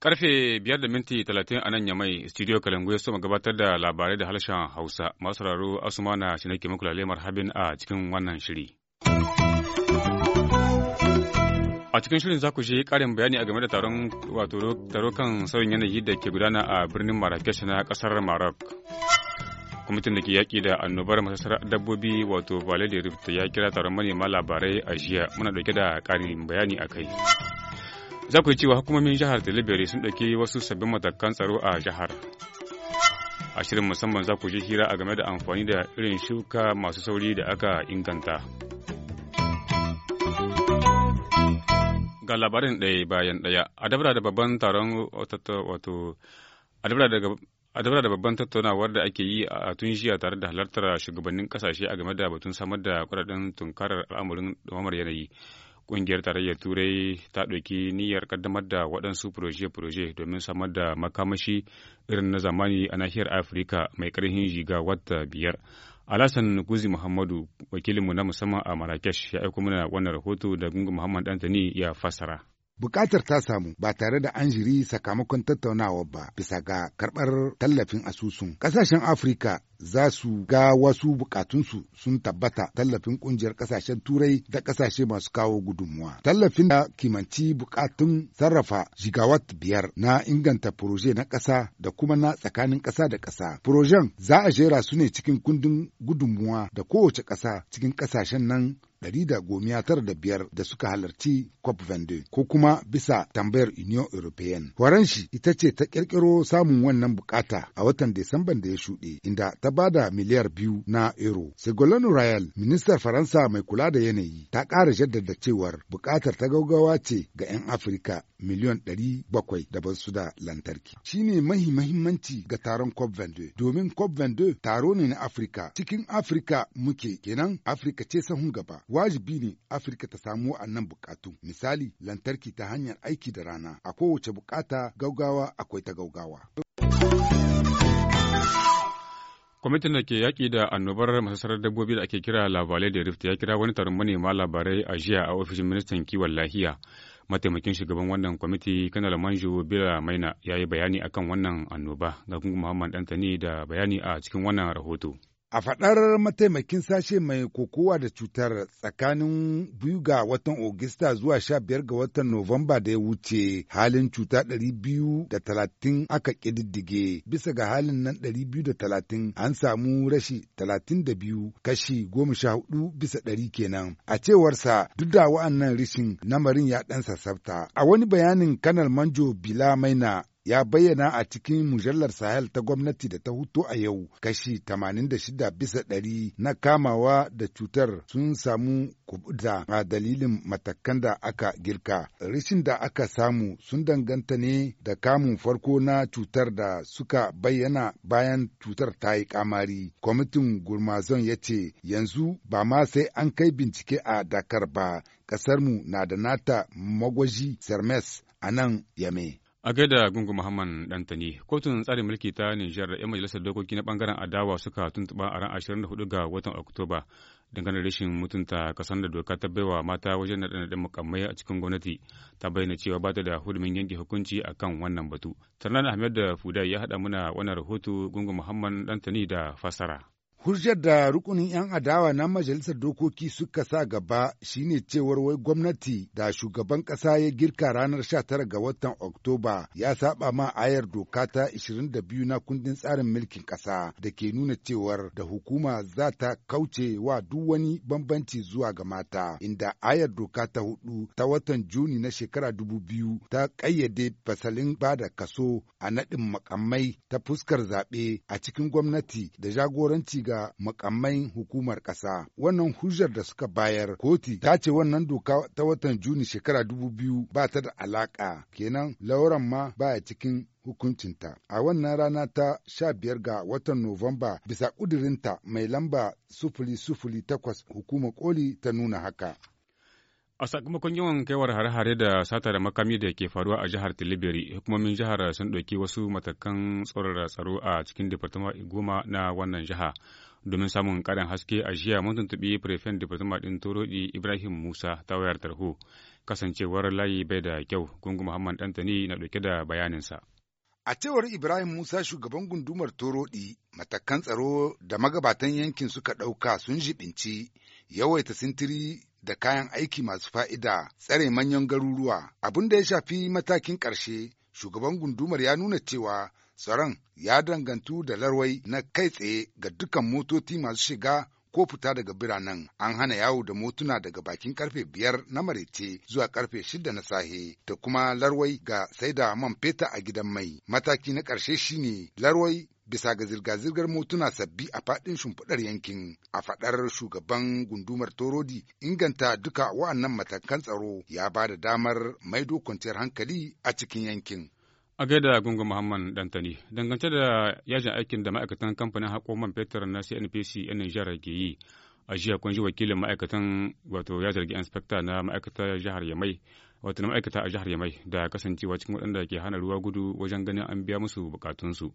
Karfe biyar da minti talatin a nan Yamai, studio Kalangu ya soma gabatar da labarai da harshen Hausa. Masu sauraro Asuma na shi nake muku lalemar habin a cikin wannan shiri. A cikin shirin za ku je ƙarin bayani a game da taron wato kan sauyin yanayi da ke gudana a birnin Marrakesh na kasar marok Kwamitin da ke yaƙi da annobar masasar dabbobi wato valerie da Rift ya kira taron manema labarai a jiya muna ɗauke da ƙarin bayani a kai. Za ku cewa hukumomin jihar Talibere sun ɗauki wasu sabbin matakan tsaro a jihar. A shirin musamman za ku ji hira a game da amfani da irin shuka masu sauri da aka inganta. ga labarin ɗaya bayan ɗaya a dabara da babban taron wato a dabara da babban tattaunawar da ake yi a tunisia tare da halartar shugabannin kasashe a game da batun samar da kudaden tunkarar al'amarin dumamar yanayi kungiyar tarayyar turai ta ɗauki niyyar kaddamar da waɗansu furoje-furoje domin samar da makamashi irin na zamani a nahiyar afirka mai ƙarfin giga wata biyar Alasan Guzi Muhammadu wakilinmu na musamman a Marrakesh ya aiko mana wannan rahoto da Gungun Muhammad Dantani ya fassara. bukatar ta samu ba tare da an jiri sakamakon tattaunawa ba bisa ga karɓar tallafin asusun. Ƙasashen Afirka za su ga wasu bukatunsu sun tabbata tallafin kungiyar kasashen turai da kasashe masu kawo gudunmuwa. Tallafin da kimanci bukatun sarrafa gigawatt biyar na inganta proje na ƙasa da kuma na tsakanin ƙasa da ƙasa. Projen za a jera su ne cikin kundin gudunmuwa da kowace ƙasa cikin ƙasashen nan dari da gomiya tara da da biyar suka halarci COP22 ko kuma bisa tambayar Union European. Horon ita ce ta ƙirƙiro samun wannan bukata a watan desamban da ya shuɗe inda ta ta bada miliyar biyu na euro. Segolano Royal, ministar Faransa mai kula da yanayi, ta ƙara jaddada cewar bukatar ta gaugawa ce ga 'yan Afirka miliyon ɗari bakwai da ba su da lantarki. Shi ne mahi mahimmanci ga taron COP22 domin COP22 taro ne na Afirka. Cikin Afirka muke kenan Afirka ce sahun gaba. Wajibi ne Afirka ta samu wa'annan buƙatu. Misali lantarki ta hanyar aiki da rana. A kowace bukata gaugawa akwai ta gaugawa. Kwamitin da ke yaƙi da annobar masasarar dabbobi da ake kira labarai da rift ya kira wani taron manema labarai a jiya a ofishin ministan kiwon lafiya. Mataimakin shugaban wannan kwamiti Kanal Manjo Bila Maina ya yi bayani akan wannan annoba ga Muhammad Dantani da bayani a cikin wannan rahoto. A faɗar mataimakin sashe mai kokowa da cutar tsakanin biyu ga watan Ogista zuwa sha biyar ga watan Nuwamba da ya wuce halin cuta ɗari biyu da talatin aka ƙididdige bisa ga halin nan ɗari biyu da talatin an samu rashi talatin da biyu kashi goma sha hudu bisa ɗari kenan. A cewarsa duk da wa'annan rishin namarin ya ɗansa sassabta. A wani bayanin kanar Manjo Bila Maina ya bayyana a cikin mujallar Sahel ta gwamnati da ta hutu a yau kashi 86 bisa ɗari na kamawa da cutar sun samu kubuta a dalilin matakan da aka girka. rashin da aka samu sun danganta ne da kamun farko na cutar da suka bayyana bayan cutar ta yi kamari. Kwamitin Gurmazon ya ce yanzu ba ma sai an kai bincike a Dakar ba, ƙasarmu na da nata magwaji Sermes a nan Yame. A gaida gungun Muhammad Dantani, kotun tsarin mulki ta Nijar da 'yan majalisar dokoki na bangaren adawa suka tuntuɓa a ran 24 ga watan Oktoba dangane rashin mutunta kasan da doka ta baiwa mata wajen naɗa naɗa mukammai a cikin gwamnati ta bayyana cewa ba ta da hudumin yanke hukunci a kan wannan batu. Tarnan Ahmed da Fudai ya haɗa muna wannan rahoto gungun Muhammad Dantani da fasara. Hujjar da rukunin 'yan adawa na majalisar dokoki suka sa gaba shine cewar wai gwamnati da shugaban ƙasa ya girka ranar 19 ga watan Oktoba ya saba ma ayar doka ta 22 na kundin tsarin mulkin ƙasa da ke nuna cewar da hukuma za ta kauce wa duk wani bambanci zuwa ga mata inda ayar doka ta hudu ta watan Juni na shekara 2000 ta ƙayyade fasalin ba da kaso a naɗin makamai ta fuskar zaɓe a cikin gwamnati da jagoranci ga makamai hukumar ƙasa. Wannan hujjar da suka bayar koti ta ce wannan doka ta watan Juni shekara dubu biyu ba ta da alaƙa kenan lauran ma baya cikin hukuncinta. A wannan rana ta sha biyar ga watan Nuwamba bisa ƙudurinta mai lamba sufuli sufuli takwas hukumar koli ta nuna haka. A sakamakon yawan kaiwar hare-hare da sata da makami da ke faruwa a jihar Tilibiri, hukumomin jihar sun ɗauki wasu matakan tsoron tsaro a cikin Departama goma na wannan jiha. Domin samun ƙarin haske a jiya mun tuntuɓi Prefen Departama ɗin Torodi Ibrahim Musa ta wayar tarho. Kasancewar layi bai da kyau, Gungu Muhammad Dantani na ɗauke da bayaninsa. A cewar Ibrahim Musa shugaban gundumar Torodi, matakan tsaro da magabatan yankin suka ɗauka sun jibinci yawaita sintiri da kayan aiki masu fa'ida tsare manyan garuruwa. Abin da ya shafi matakin ƙarshe, shugaban gundumar ya nuna cewa tsaron ya dangantu da larwai na kai tsaye ga dukan motoci masu shiga ko fita daga biranen an hana yawo da motuna daga bakin karfe biyar na marece zuwa karfe shida na sahe da kuma larwai ga saida man feta a gidan mai mataki na ƙarshe shine larwai bisa ga zirga-zirgar motuna sabbi a faɗin shimfiɗar yankin a faɗar shugaban gundumar torodi inganta duka wa'annan matakan tsaro ya ba da damar maido kwanciyar hankali a cikin yankin. a gaida gungun muhammad dantani dangance da yajin aikin da ma'aikatan kamfanin haƙo man fetur na cnpc yan nijar ke yi a jiya kun ji wakilin ma'aikatan wato ya zargi inspector na ma'aikatar jihar yamai wato na ma'aikata a jihar yamai da kasancewa cikin waɗanda ke hana ruwa gudu wajen ganin an biya musu bukatunsu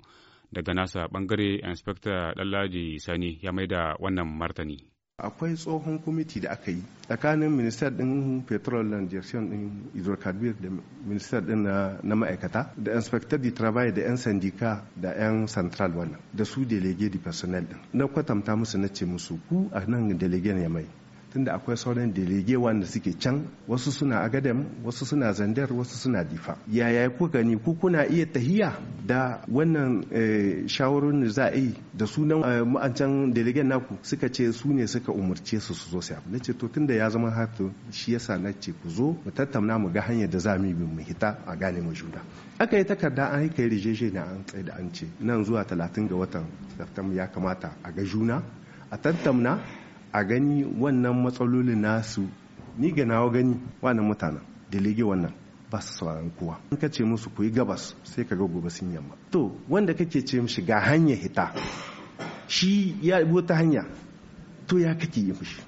daga nasa bangare inspector Dallaji Sani ya maida wannan martani. akwai tsohon kwamiti da aka yi tsakanin minista din petrol and direction din hydrocarbon da minista din na ma'aikata da inspector de travail da yan sandika da yan central wannan da su delegate di personnel din na kwatanta musu na ce musu ku a nan delegate ne mai tunda akwai sauran delege wanda suke can wasu suna agadem wasu suna zandar wasu suna difa yaya ku gani ku kuna iya tahiya da wannan eh, shawarun da za a yi da sunan ma'ancan eh, delegen naku suka ce su ne suka umarce su su zo sai na ce to tunda ya zama hatu shi yasa na ce ku zo mu tattauna mu ga hanyar da za mu yi mu hita a gane mu juna aka yi takarda an kai rijeje na an tsaye da an ce nan zuwa talatin ga watan Septemba ya kamata a ga juna a tattauna a gani wannan matsalolin nasu ni ga nawa gani wannan mutanen lege wannan ba su sauraron kowa in ka ce musu ku yi gabas sai ka ga gobe sun yamma to wanda kake ce mishi ga hanya hita shi ya bi wata hanya to ya kake yi mishi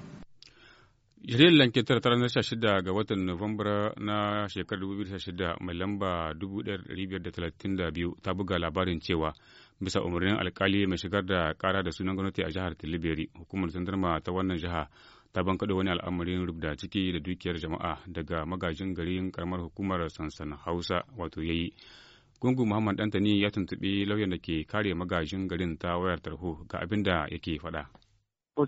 Jaridar Lanke tara tara na shida ga watan Nuwambar na shekarar 2016 mai lamba 1532 ta buga labarin cewa bisa umarnin alkali mai shigar da kara da sunan gwamnati a jihar tilibiri hukumar sandarma ta wannan jiha ta bankaɗo wani al'amarin rubda ciki da dukiyar jama'a daga magajin garin karamar hukumar sansan hausa wato yayi gungu muhammad dantani ya tuntuɓi lauyan da ke kare magajin garin ta wayar tarho ga abin da yake faɗa A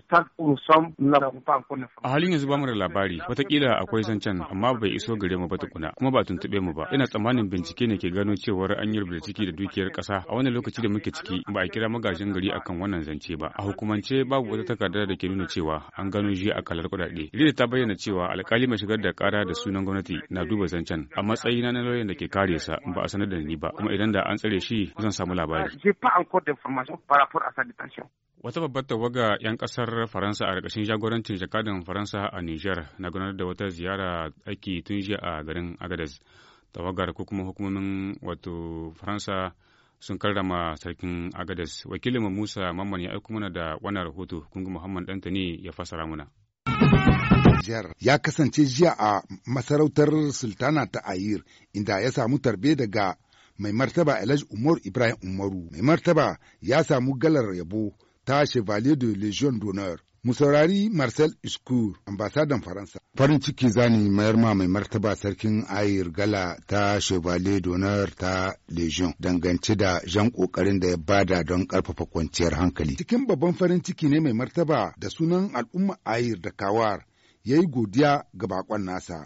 halin yanzu ba mu da labari, watakila akwai zancen amma bai iso gare mu ba tukuna, kuma ba tuntube mu ba. Ina tsammanin bincike ne ke gano cewar an yi rubuta ciki da dukiyar kasa a wani lokaci da muke ciki ba a kira magajin gari akan wannan zance ba. A hukumance babu wata takarda da ke nuna cewa an gano jiya a kalar kuɗaɗe. Rida ta bayyana cewa alkali mai shigar da kara da sunan gwamnati na duba zancen, a matsayina na lauyan da ke kare sa ba a sanar da ni ba, kuma idan da an tsare shi zan samu labari. Wata babbar tawaga 'yan ƙasa kasar Faransa a ƙarƙashin jagorancin jakadan Faransa a Nijar na gudanar da wata ziyara aiki tun jiya a garin Agadez. Tawagar ko kuma hukumomin wato Faransa sun karrama sarkin Agadez. Wakilin Musa Mamman ya aiko mana da wannan rahoto kungu Muhammad Dantani ya fassara muna ya kasance jiya a masarautar sultana ta ayir inda ya samu tarbe daga mai martaba alhaji umar ibrahim umaru mai martaba ya samu galar yabo ta Chevalier de Legion d'honneur. Mu saurari Marcel Iscour, ambasadan Faransa. Farin ciki zani mayar ma mai martaba sarkin Ayir Gala ta Chevalier d'honneur ta Legion dangance da jan kokarin da ya bada don karfafa kwanciyar hankali. Cikin babban farin ciki ne mai martaba da sunan al'umma Ayir da Kawar ya yi godiya ga bakon nasa.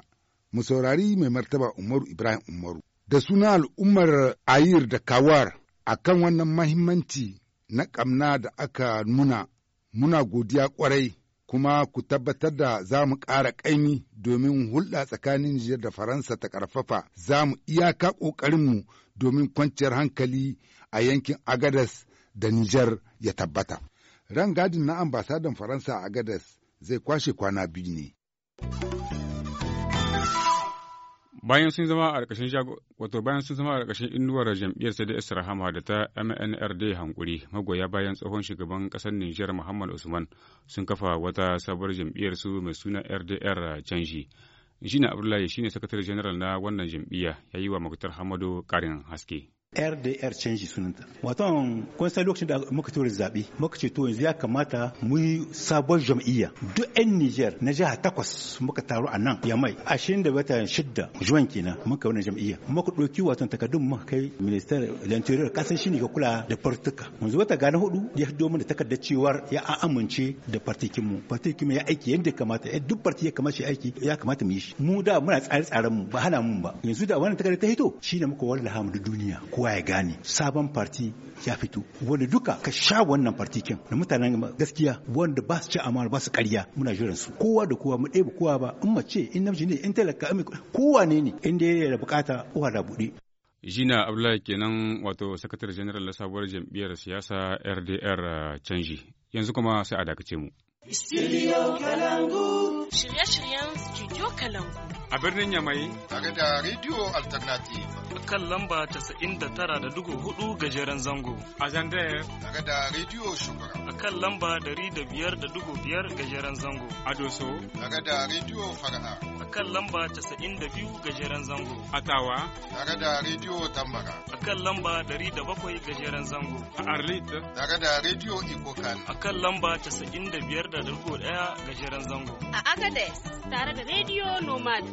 Mu saurari mai martaba Umaru Ibrahim Umaru. Da sunan al'ummar Ayir da Kawar akan wannan mahimmanci na ƙamna da aka nuna, muna godiya ƙwarai, kuma ku tabbatar da za mu ƙara ƙaimi domin hulɗa tsakanin Nijar da Faransa ta ƙarfafa, za mu iyaka ƙoƙarinmu domin kwanciyar hankali a yankin Agadas da Nijar ya tabbata. Rangadin na ambasadan Faransa a Agadas zai kwashe kwana biyu ne. bayan sun zama a ƙarƙashin wato bayan sun zama a ƙarƙashin inuwar jam'iyyar Isra Hama da ta MNRD hankuri magoya bayan tsohon shugaban ƙasar Nijar Muhammad Usman sun kafa wata sabuwar jam'iyyar su mai suna RDR canji. Jina Abdullahi shine sakatare general na wannan jam'iyya ya yi wa Muktar Hamadu ƙarin haske. rdr canji sunanta waton kun san lokacin da muka tura zaɓe muka ce to yanzu ya kamata mu yi sabon jam'iyya duk 'yan niger na jiha takwas muka taru a nan ya mai ashirin da wata shidda juwan kenan muka wani jam'iyya muka ɗauki wato takardun muka kai minister lantarki kasan shi ne ka kula da fartuka yanzu wata gane hudu ya da mana takardar cewar ya amince da fartikin mu fartikin mu ya aiki yadda ya kamata eh, duk farti ya shi aiki ya kamata mu yi shi mu da muna tsare-tsaren mu ba hana mun ba yanzu da wannan takardar ta hito shine muka wallaha mu duniya ko kowa ya gane sabon parti ya fito wanda duka ka sha wannan parti kin da mutanen gaskiya wanda ba su ci amana ba su karya muna jiran su kowa da kowa mu ɗebe kowa ba in mace in namiji ne in talaka kowa ne ne in dai yana bukata kowa da buɗe Jina Abdullahi kenan wato sakatar general na sabuwar jam'iyyar siyasa RDR canji. Yanzu kuma sai a dakace mu. Studio Kalangu. Shirye-shiryen Studio Kalangu. a birnin Yamai. Tare da Radio Alternative. Kan lamba 99.4 gajeren zango. A Zandaya. Tare da Radio Shugura. A kan lamba 105.5 gajeren zango. A Doso. Tare da Radio Fara'a. A kan lamba 92 gajeren zango. A Tawa. Tare da Radio Tambara. A kan lamba 107 gajeren zango. A Arlit. Tare da Radio Ikokan. A kan lamba 95.1 gajeren zango. A Agades. Tare da Radio Nomad.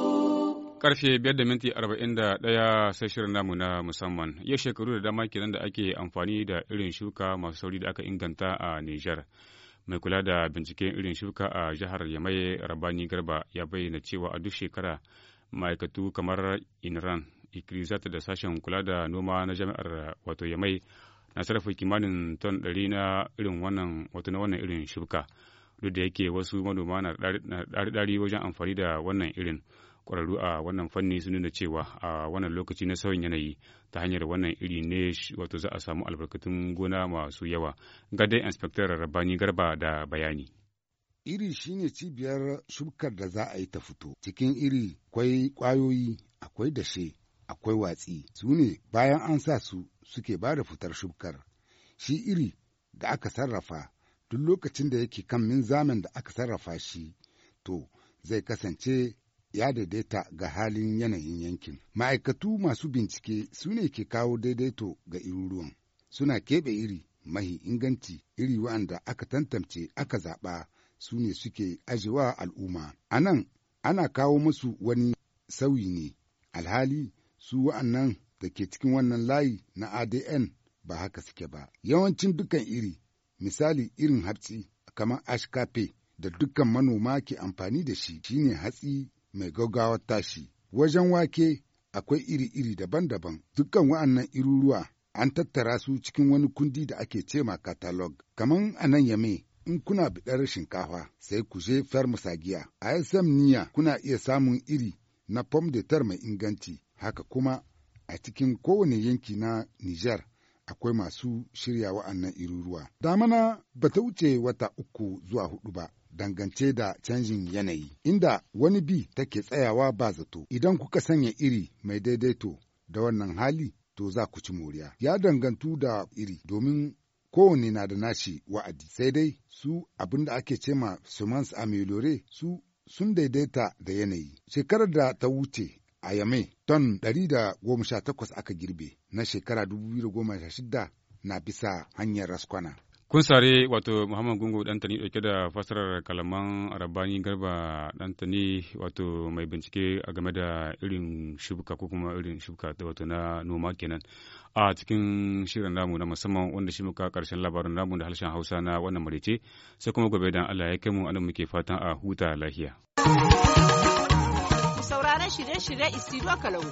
Karfe biyar da minti arba'in da ɗaya sai shirin namu na musamman. Yau shekaru da dama kenan da ake amfani da irin shuka masu sauri da aka inganta a Nijar. Mai kula da binciken irin shuka a jihar Yamai Rabani Garba ya bayyana cewa a duk shekara ma'aikatu kamar Inran, Ikrizat da sashen kula da noma na jami'ar wato Yamai na sarrafa kimanin ton ɗari na irin wannan wato na wannan irin shuka. Duk da yake wasu manoma na ɗari-ɗari wajen amfani da wannan irin. kwararru a wannan fanni sun nuna cewa a wannan lokaci na sauyin yanayi ta hanyar wannan iri ne wato za a samu albarkatun gona masu yawa ga dai inspector rabani garba da bayani iri shine cibiyar shukar da za a yi ta fito cikin iri kwai kwayoyi akwai dashe akwai watsi su ne bayan an sa su suke ba da fitar shukar shi iri da aka sarrafa duk lokacin da yake kan min zamen da aka sarrafa shi to zai kasance ya daidaita ga halin yanayin yankin. Ma'aikatu masu bincike su ne ke kawo daidaito ga iruruwan. Suna keɓe iri mahi inganci iri wa'anda aka tantance aka zaɓa su ne suke ajewa al'umma. A nan ana kawo masu wani sauyi ne, alhali su wa'annan da ke cikin wannan layi na ADN ba haka suke ba. Yawancin dukan iri, misali irin hatsi kamar ashkafe da dukkan manoma ke amfani da shi shine hatsi mai gaggawar tashi. Wajen wake akwai iri-iri daban-daban, dukkan wa'annan iruruwa an tattara su cikin wani kundi da ake cema katalog. Kaman a nan yame, in kuna biɗar shinkafa sai ku je fermusagiya. A SM niya kuna iya samun iri na pom de mai inganci, haka kuma a cikin kowane yanki na Nijar akwai masu shirya wa'annan iruruwa. Damana ba ta wuce wata uku zuwa hudu ba, dangance da canjin yanayi, inda wani bi take tsayawa ba zato. Idan kuka sanya iri mai daidaito da wannan hali, to za ku ci moriya. Ya dangantu da iri domin kowane na da nashi wa'adi, sai dai su abin da ake cema a ameliore su sun daidaita da yanayi. Shekarar da ta wuce a Yame ton 118 aka girbe na shekara 2016 na bisa hanyar raskwana. kun sare wato muhammad gungu dantani dauke da fasarar kalaman rabani garba dantani wato mai bincike a game da irin shubuka ko kuma irin shubuka da wato na noma kenan a cikin shirin namu na musamman wanda shi muka karshen labarin namu da harshen hausa na wannan marice sai kuma gobe dan allah ya kai mu anan muke fatan a huta lahiya sauraron shirye-shirye isiro kalau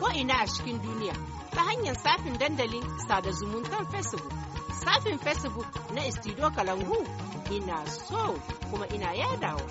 ko ina a cikin duniya ta hanyar safin dandalin sada zumuntar facebook shafin facebook na istido kalangu ina so kuma ina yadawa